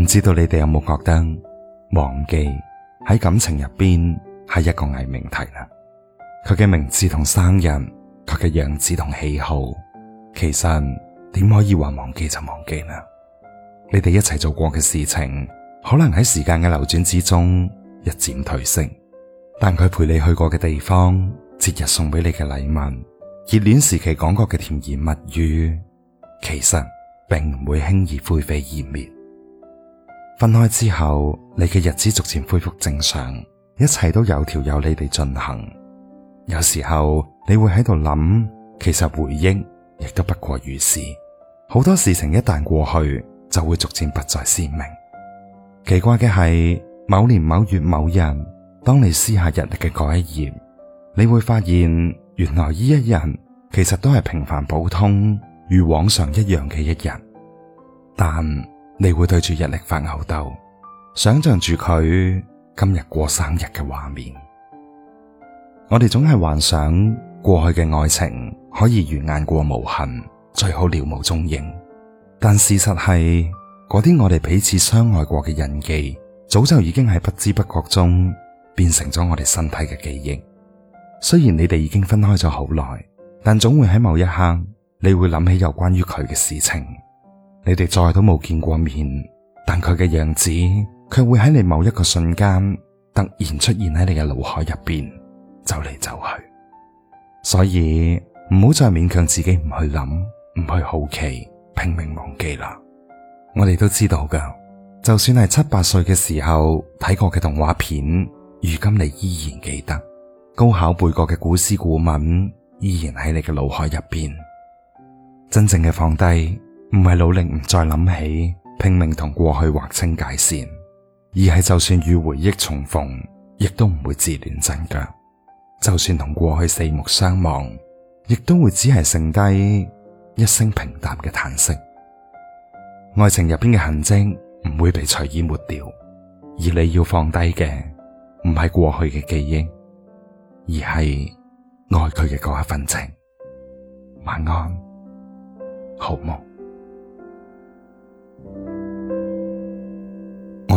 唔知道你哋有冇覺得忘記喺感情入邊係一個偽命題啦？佢嘅名字同生日，佢嘅樣子同喜好，其實點可以話忘記就忘記啦？你哋一齊做過嘅事情，可能喺時間嘅流轉之中一漸褪色，但佢陪你去過嘅地方、節日送俾你嘅禮物、熱戀時期講過嘅甜言蜜語，其實並唔會輕易灰飛煙滅。分開之後，你嘅日子逐漸恢復正常，一切都有條有理地進行。有時候你會喺度諗，其實回憶亦都不過如此。好多事情一旦過去，就會逐漸不再鮮明。奇怪嘅係，某年某月某日，當你撕下日曆嘅嗰一頁，你會發現原來呢一日其實都係平凡普通，如往常一樣嘅一日。但。你會對住日曆發吽斗，想象住佢今日過生日嘅畫面。我哋總係幻想過去嘅愛情可以如雁過無痕，最好了無蹤影。但事實係，嗰啲我哋彼此相愛過嘅印記，早就已經喺不知不覺中變成咗我哋身體嘅記憶。雖然你哋已經分開咗好耐，但總會喺某一刻，你會諗起有關於佢嘅事情。你哋再都冇見過面，但佢嘅樣子卻會喺你某一個瞬間突然出現喺你嘅腦海入邊，走嚟走去。所以唔好再勉強自己唔去諗，唔去好奇，拼命忘記啦。我哋都知道噶，就算係七八歲嘅時候睇過嘅動畫片，如今你依然記得；高考背過嘅古詩古文，依然喺你嘅腦海入邊。真正嘅放低。唔係努力唔再諗起，拼命同過去劃清界線，而係就算與回憶重逢，亦都唔會自亂陣腳；就算同過去四目相望，亦都會只係剩低一聲平淡嘅嘆息。愛情入邊嘅痕迹唔會被隨意抹掉，而你要放低嘅唔係過去嘅記憶，而係愛佢嘅嗰一份情。晚安，好夢。